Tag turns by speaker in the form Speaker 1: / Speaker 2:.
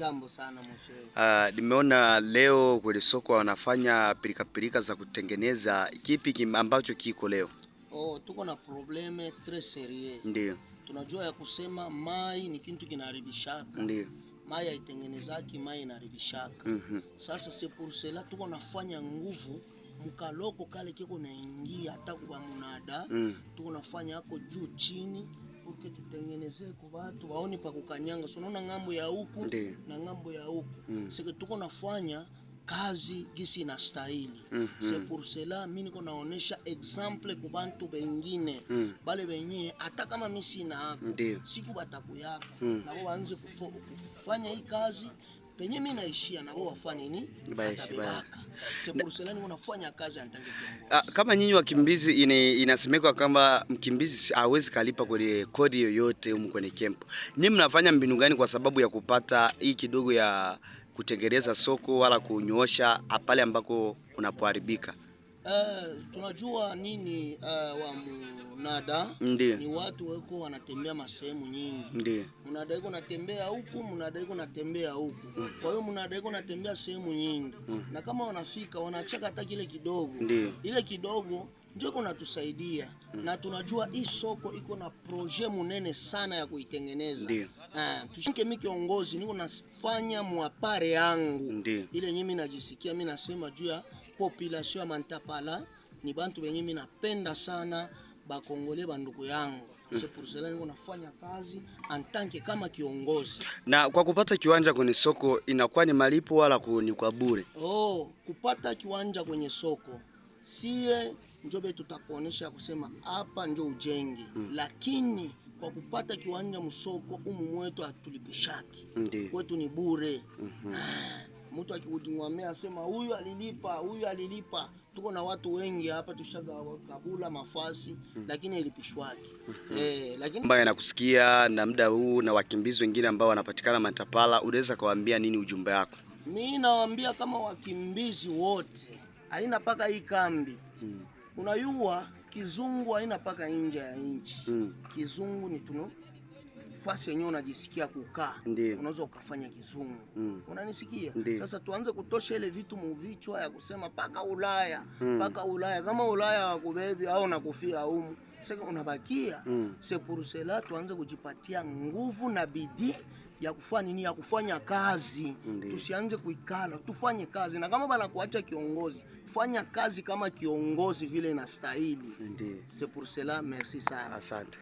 Speaker 1: Jambo sana mshehe. Uh,
Speaker 2: ah, nimeona leo kwenye soko wanafanya pilika pilika za kutengeneza. Kipi ambacho kiko leo?
Speaker 1: Oh, tuko na probleme tres serie. Ndio. Tunajua ya kusema mai ni kitu kinaharibishaka. Ndio. Mai haitengenezaki, mai inaharibishaka. mm -hmm. Sasa c'est pour cela tuko nafanya nguvu mkaloko kale kiko naingia hata kwa munada. mm. Tuko nafanya hako juu chini tukumbuke, tutengeneze kwa watu waone pa kukanyanga. So unaona ngambo ya huku na ngambo ya huku mm. Sike tuko nafanya kazi gisi inastahili mm -hmm. Se pour cela mimi niko naonesha example kwa bantu bengine mm. Bale benye hata kama mimi sina hako siku bataku yako mm. Nao waanze kufanya hii kazi penye mimi naishia wao wafanye nini? Sepuruselani wanafanya kazi anataka kiongozi.
Speaker 2: Ah, kama nyinyi wakimbizi inasemekwa kwamba mkimbizi hawezi kalipa kwenye kodi yoyote huko kwenye kempo. Nyinyi mnafanya mbinu gani kwa sababu ya kupata hii kidogo ya kutengeneza soko wala kunyoosha ah, pale ambako kunapoharibika?
Speaker 1: Uh, tunajua nini uh, wa mnada Ndiye. ni watu weko wanatembea masehemu nyingi Ndiye. munada iko natembea huku, munada iko natembea huku mm. kwa hiyo munada iko natembea sehemu nyingi mm. na kama wanafika wanachaka hata kile kidogo Ndiye. ile kidogo ndio iko natusaidia mm. na tunajua hii soko iko na proje munene sana ya kuitengeneza. Uh, eh, tushike mi kiongozi niko nafanya mwapare yangu
Speaker 2: Ndiye. ile
Speaker 1: nyimi najisikia mi nasema juu ya population ya Mantapala ni bantu benye mimi napenda sana bakongole banduku yangu hmm. se Pour cela nafanya kazi antanke kama kiongozi.
Speaker 2: Na kwa kupata kiwanja kwenye soko inakuwa ni malipo wala ni kwa bure?
Speaker 1: Oh, kupata kiwanja kwenye soko sie njobe tutakuonesha kusema hapa njo ujengi mm. Lakini kwa kupata kiwanja msoko umu mwetu hatulipishaki kwetu ni bure mm -hmm mtu akikutumwambia asema huyu alilipa, huyu alilipa. Tuko na watu wengi hapa kabula mafasi hmm. Lakini ilipishwaki hmm. Eh, lakini
Speaker 2: ambayo anakusikia na muda huu na wakimbizi wengine ambao wanapatikana Matapala, unaweza kawaambia nini ujumbe wako?
Speaker 1: Mi nawaambia kama wakimbizi wote, haina paka hii kambi hmm. Unayua kizungu haina paka nje ya nchi hmm. Kizungu ni tuno nafasi yenyewe unajisikia kukaa, unaweza ukafanya kizungu mm. Unanisikia? Ndiyo. Sasa tuanze kutosha ile vitu muvichwa ya kusema mpaka Ulaya mpaka mm. Ulaya kama Ulaya wakubebi au nakufia humu sasa unabakia mm. sepurusela, tuanze kujipatia nguvu na bidii ya kufanya nini? Ya kufanya kazi,
Speaker 2: Ndiyo. tusianze
Speaker 1: kuikala, tufanye kazi. Na kama bana kuacha kiongozi, fanya kazi kama kiongozi vile inastahili. Sepurusela, merci sana,
Speaker 2: asante.